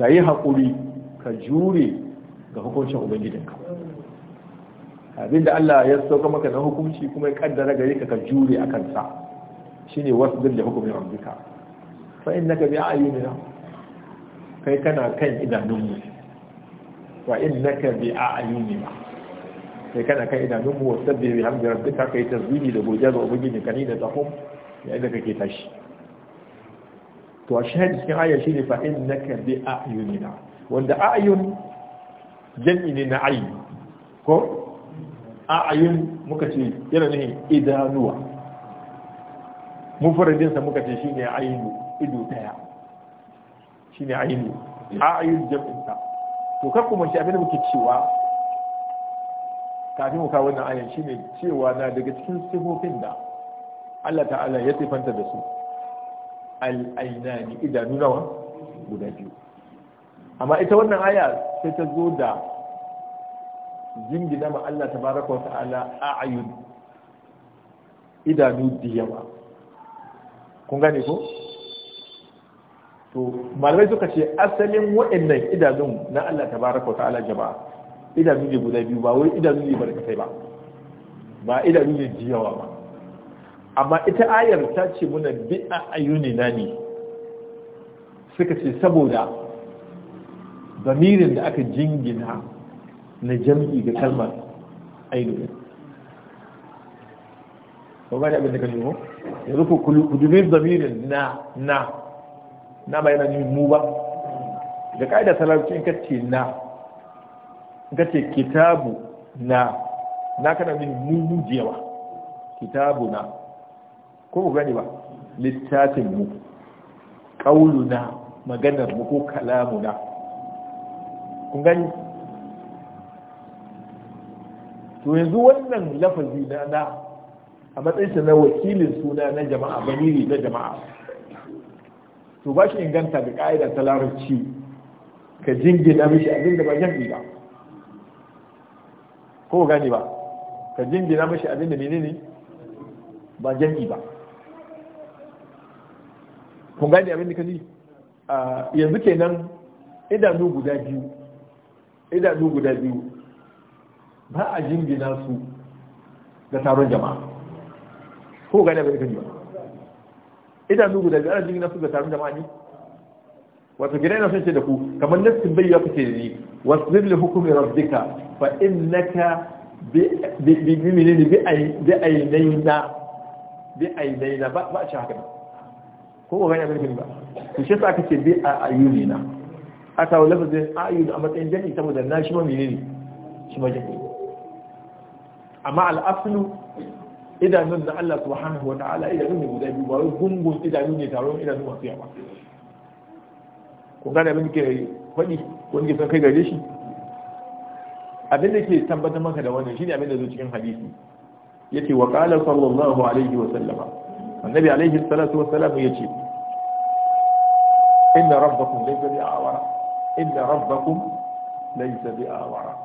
kayi hakuri ka jure ga hukuncin ubangijinka abinda Allah ya sauka maka na hukunci kuma ya kaddara gare ka ka jure a kansa shine wasu wasbir da hukumin rabbika fa innaka bi ayyunina kai kana kan idanunmu wa innaka bi ayyunina kai kana kan idanunmu wasbir bi hamdi rabbika kai tasbihi da godiya ga ubangijinka ni da tsafon yayin da kake tashi to a shahadi cikin aya shine fa innaka bi ayyunina wanda ayun jam'i ne na ayi ko a'ayun muka ce yana ne idanuwa mufaradinsa muka ce shine ayinu ido daya shine ayinu a'ayun jam'insa to kar kuma shi abin da muke cewa kafin mu kawo wannan shi shine cewa na daga cikin sifofin da Allah ta'ala ya sifanta da su al-ainani idanu nawa guda biyu amma ita wannan aya sai ta zo da jingina ma Allah ta baraka wata ala a ayyun idanu da yawa kun gane ko to malamai suka ce asalin waɗannan idanun na Allah ta baraka wata ala jama'a idanu ne guda biyu ba wai idanu ne barkatai ba ba idanu ne diyawa ba amma ita ayar ta ce muna bi a na ne suka ce saboda zamirin da aka jingina na jam'i ga kalmar ainihin ba ba da abin da ka nemo ya ku kudumin zamirin na na na bai na mu ba da ka'idar salarci in ka ce na in ka kitabu na na kana nemi mu jewa kitabu na ko ku gani ba littafin mu na, maganar mu ko kalamu na. kun gani to yanzu wannan lafazi na na a matsayinsa na wakilin suna na jama'a baniri na jama'a to ba shi inganta da ka'ida ta larabci ka jingina mishi abin da ba jam'i ba ko gani ba ka jingina mishi abin da menene ba jam'i ba kun gani abin da ka ji ah, yanzu kenan idanu guda biyu idanu guda biyu ba a jingina su da taron jama'a ko gane bai kaji ba idanu guda biyu ana jingina su da taron jama'a ne wato gidan yana son ce da ku kamar nassin bai ya kace ni wasbir li hukmi rabbika fa innaka bi bi bi bi ainaina bi ainaina ba ba a ci haka ko ba gane bai kaji ba to shi yasa aka ce bi a ayunina a kawo lafazin ayyun a matsayin jami saboda na shi ma menene shi ma jami amma al'aslu idanun na Allah subhanahu wa ta'ala idanun ne guda biyu ba wai gungun idanun ne taron idanun masu yawa kun gane abin da ke faɗi wani ke son kai gare shi abin da ke tabbatar maka da wannan shine abin da zo cikin hadisi yace wa qala sallallahu alaihi wa sallama annabi alaihi salatu wa salam yace inna rabbakum laysa bi'awara inda rabbakum laysa bi awara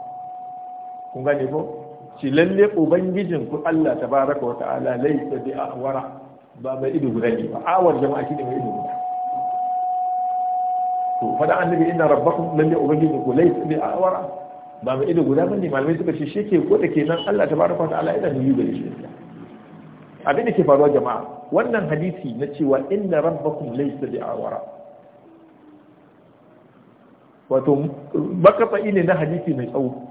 kun gane ko ci lalle ubangijin ku Allah tabaraka wa ta'ala laysa bi awara ba mai ido guda ne ba awar jama'a shine mai ido guda to fada annabi inna rabbakum lalle ubangijin ku laysa bi awara ba mai ido guda bane malamai suka ce shi ko da kenan Allah tabaraka wa ta'ala idan yi gare shi abin da ke faruwa jama'a wannan hadisi na cewa inna rabbakum laysa bi awara wato makafa'i ne na hadisi mai tsawo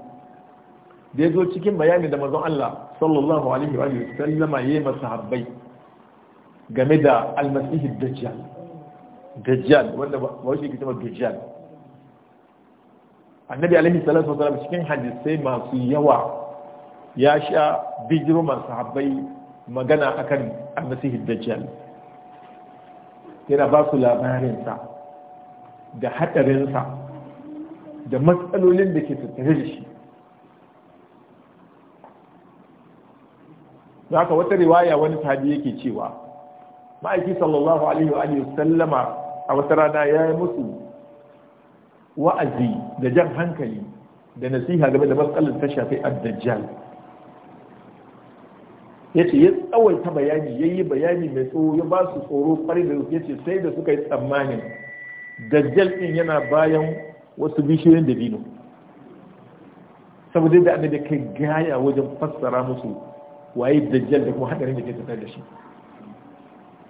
da ya zo cikin bayani da mazan Allah sallallahu alaihi wa sallama ya yi masahabbai game da almasihi dajjal dajjal wanda ba wuce kitaba dajjal annabi alaihi salatu wasallam cikin hadisai masu yawa ya sha bijiro habbai magana akan almasihi dajjal yana ba su labarinsa da hadarinsa da matsalolin da ke tattare da shi da haka wata riwaya wani sahabi yake cewa ma'aiki sallallahu alaihi wa alihi sallama a wata rana ya yi musu wa'azi da jan hankali da nasiha game da matsalar ta shafi ad-dajjal yace ya tsawaita bayani yayi bayani mai tsoro ya ba su tsoro kwarai da yace sai da suka yi tsammanin dajjal din yana bayan wasu bishiyoyin da dabino saboda da annabi kai gaya wajen fassara musu waye dajjal da kuma hadarin da ke tattare da shi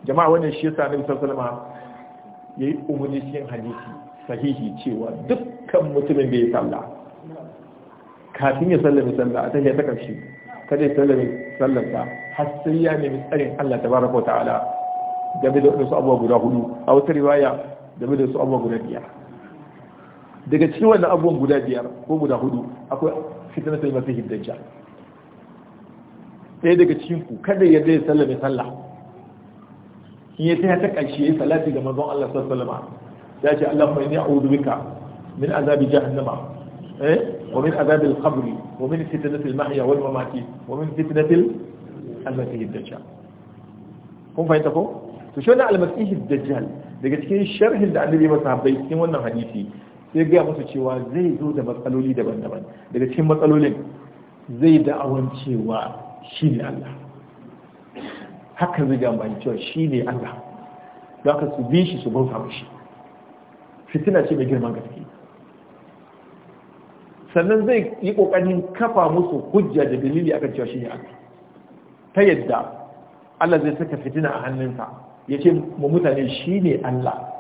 jama'a wannan shi yasa annabi sallallahu alaihi ya yi umarni cikin hadisi sahihi cewa dukkan mutumin da ya sallah kafin ya sallame sallah a tafiya ta karshe kada ya sallame sallarsa har sai ya nemi tsarin Allah tabaraka wa ta'ala game da wasu abubuwa guda hudu a wata riwaya game da wasu abubuwa guda biyar daga cikin wannan abubuwan guda biyar ko guda hudu akwai fitna sai masu hiddajja ɗaya daga cikin ku kada ya zai sallame sallah in ya sai ta ƙarshe ya salati ga manzon Allah sallallahu ya ce Allah mai ni a'udhu bika min azabi jahannama eh wa min azabi al-qabr wa min fitnati al-mahya wal mamati wa min fitnati al-masih ad-dajjal kun fahimta ko to shi wannan al-masih ad-dajjal daga cikin sharhin da annabi masa habbai cikin wannan hadisi sai gaya musu cewa zai zo da matsaloli daban-daban daga cikin matsalolin zai da'awan cewa shi ne Allah haka zai gaya mai cewa shi ne Allah da aka su bi shi su bauta mashi fitina ce mai girman gaske sannan zai yi kokarin kafa musu hujja da dalili akan cewa shi ne Allah ta yadda Allah zai saka fitina a hannunsa ya ce mu mutane shi ne Allah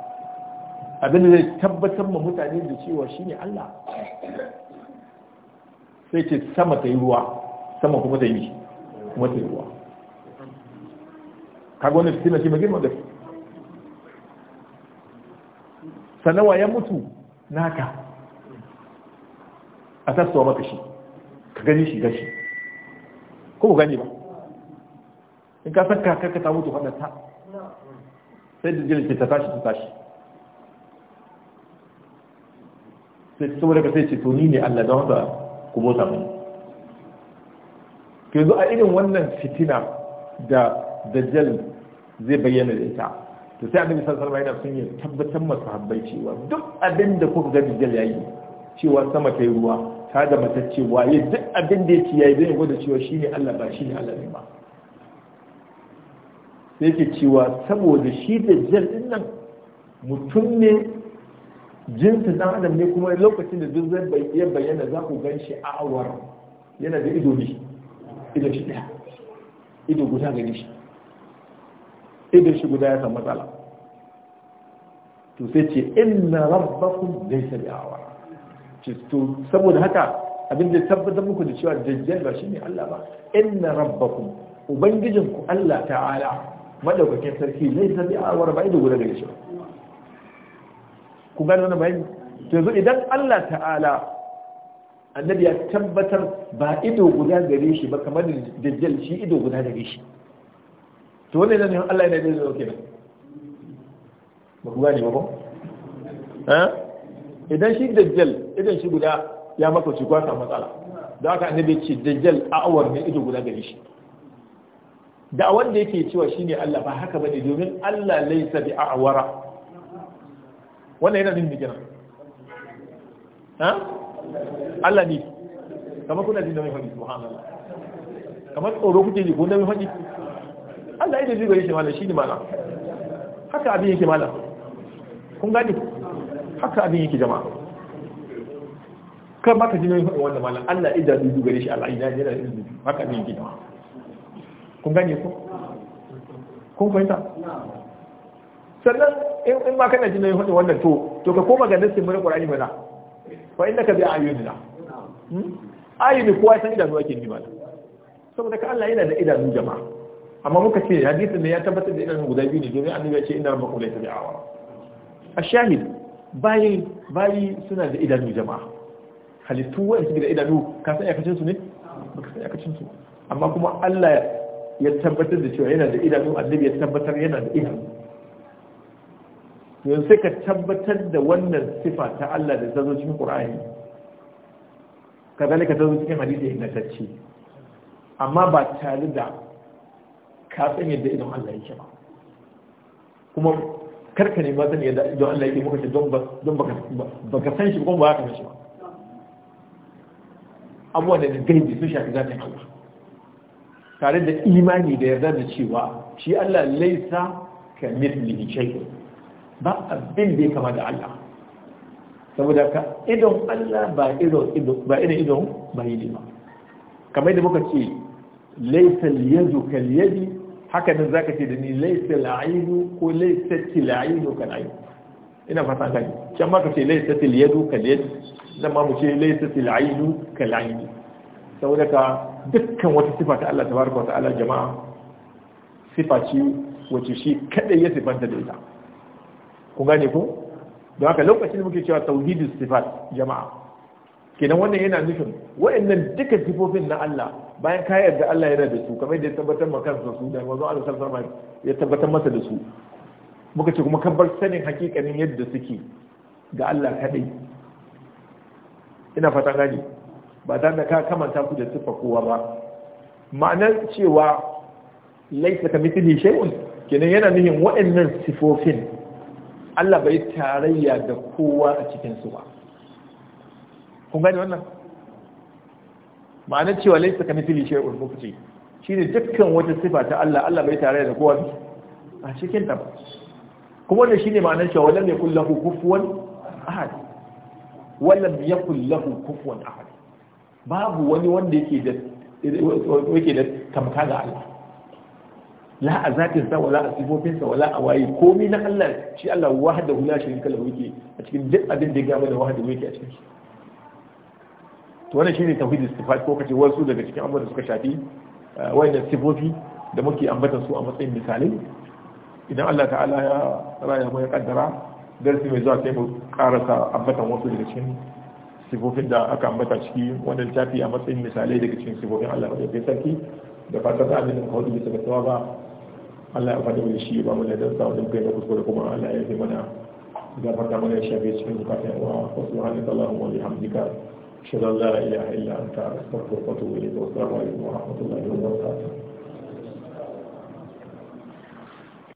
abin da zai tabbatar ma mutane da cewa shine Allah sai ce sama ta yi ruwa sama kuma ta yi kuma ta yi ruwa kaga wani fitina shi mai girma gaske sanawa ya mutu naka a tasowa maka shi ka gani shi gashi ko gani ba in ka san kakar ka ta mutu faɗa sai da jirgin ta tashi ta tashi sai saboda ka sai ce to ni ne Allah don haka ku bota mun to yanzu a irin wannan fitina da dajjal zai bayyana da ita to sai annabi sallallahu alaihi wasallam yana son ya tabbatar masa sahabbai cewa duk abin da kuka ga dajjal yayi cewa sama kai ruwa ta da matacce waye duk abin da yake yayi zai gwada cewa shine Allah ba shine Allah ne ba sai ke cewa saboda shi dajjal din nan mutum ne jinsin ɗan adam ne kuma lokacin da duk zai iya bayyana za ku gan shi a awar yana da ido ne ido shi ɗaya ido guda gani shi ido shi guda ya san matsala to sai ce inna rabbakum laysa bi awar to saboda haka abin da tabbatar muku da cewa dajjal ba shine Allah ba inna rabbakum ubangijinku Allah ta'ala madaukakin sarki laysa bi awar ba ido guda gani shi ba ku gane wannan bayani yanzu idan Allah ta'ala annabi ya tabbatar ba ido guda gare shi ba kamar dajjal shi ido guda gare shi to wannan nan Allah yana da zai kenan ba ku gane ba ko eh idan shi dajjal idan shi guda ya maka shi kwasa matsala da haka annabi ce dajjal a awar ne ido guda gare shi da wanda yake cewa shine Allah ba haka bane domin Allah laysa bi a'wara wannan yana jin gina ha Allah ne kamar kuna jin da mai faɗi subhanallah kamar tsoro kuke ji ko da mai faɗi Allah yake zuwa yake malam shine malam haka abin yake malam kun gani haka abin yake jama'a kan baka jin faɗi wannan malam Allah idan zuwa gare shi Allah idan yana zuwa haka abin yake jama'a kun gani ko kun fahimta sannan in ma kana jin nayin wannan to to ka koma ga nassin mura Qur'ani mana fa innaka bi ayyunina hmm? ayyuni kuwa san idanu ake ji mana saboda ka Allah yana da idanu jama'a amma muka ce hadisin ne ya tabbatar da idanu guda biyu ne domin annabi ya ce inna rabbakum laysa bi'awara shahid bayi bayi suna da idanu jama'a halittu wa su da idanu ka san yakacin su ne baka san yakacin su amma kuma Allah ya tabbatar da cewa yana da idanu annabi ya tabbatar yana da idanu to yanzu sai ka tabbatar da wannan sifa ta Allah da zazo cikin Qur'ani kazalika ka zazo cikin hadisi ingantacce amma ba tare da ka san yadda idan Allah yake ba kuma karka ne ba san yadda idan Allah yake muka ce don ba Ba ka san shi kuma ba ka shi ba abubuwan da gaibi sun shafi yi Allah tare da imani da yarda da cewa shi Allah laisa ka mithlihi shay'in ba abin da ya kama da Allah saboda ka idon Allah ba idon ba irin idon ba ne ba kamar da muka ce laysa yadu kal yadi haka nan zaka ce da ni laysa al'aynu ko laysa til kal aynu ina fata ka can ma ka ce laysa til yadu kal yadi nan ma mu ce laysa til aynu kal aynu saboda ka dukkan wata sifa ta Allah tabaraka wa ta'ala jama'a sifa ce wacce shi kadai ya sifanta da ita ku gane ku don haka lokacin muke cewa tauhidus sifat jama'a kenan wannan yana nufin waannan duka sifofin na Allah bayan ka yarda Allah yana da su kamar da ya tabbatar maka kansa su da manzo Allah sallallahu alaihi ya tabbatar masa da su muka ce kuma kabbar sanin hakikanin yadda suke ga Allah kadai ina fata gani ba dan da ka kamanta ku da sifa kowa ba ma'anar cewa laisa ka shay'un kenan yana nufin waɗannan sifofin Allah bai tarayya da kowa a cikin su ba kun gani wannan ma'anar cewa fili ka mithli shay'un shi ne dukkan wata sifa ta Allah Allah bai tarayya da kowa a cikin ta ba kuma wannan shine ma'anar cewa lam yakul lahu kufuwan ahad walam yakul lahu kufuwan ahad babu wani wanda yake da yake da tamka ga Allah la a zatin sa wala a sifofinsa sa wala a waye komai na Allah shi Allah wahdahu la sharika lahu yake a cikin duk abin da ya gaba da wahdahu yake a cikin to wannan shine tauhid istifat ko kace wasu daga cikin abubuwan da suka shafi wayannan sifofi da muke ambata su a matsayin misalai idan Allah ta'ala ya raya mu ya kaddara darsi mai zuwa sai mu karasa ambatan wasu daga cikin sifofin da aka ambata ciki wanda littafi a matsayin misalai daga cikin sifofin Allah mai sarki da fatan abin da kawai bisa ga tsawa ba Allah ya faɗi mana shi ba mu ladan sa wani kai na kuskure kuma Allah ya fi mana gafarta mana ya shafe cikin bukatar wa wasu hannun Allahumma wa bihamdika ashhadu an la illa anta ta wa atubu ilayk wa assalamu alaikum wa rahmatullahi wa barakatuh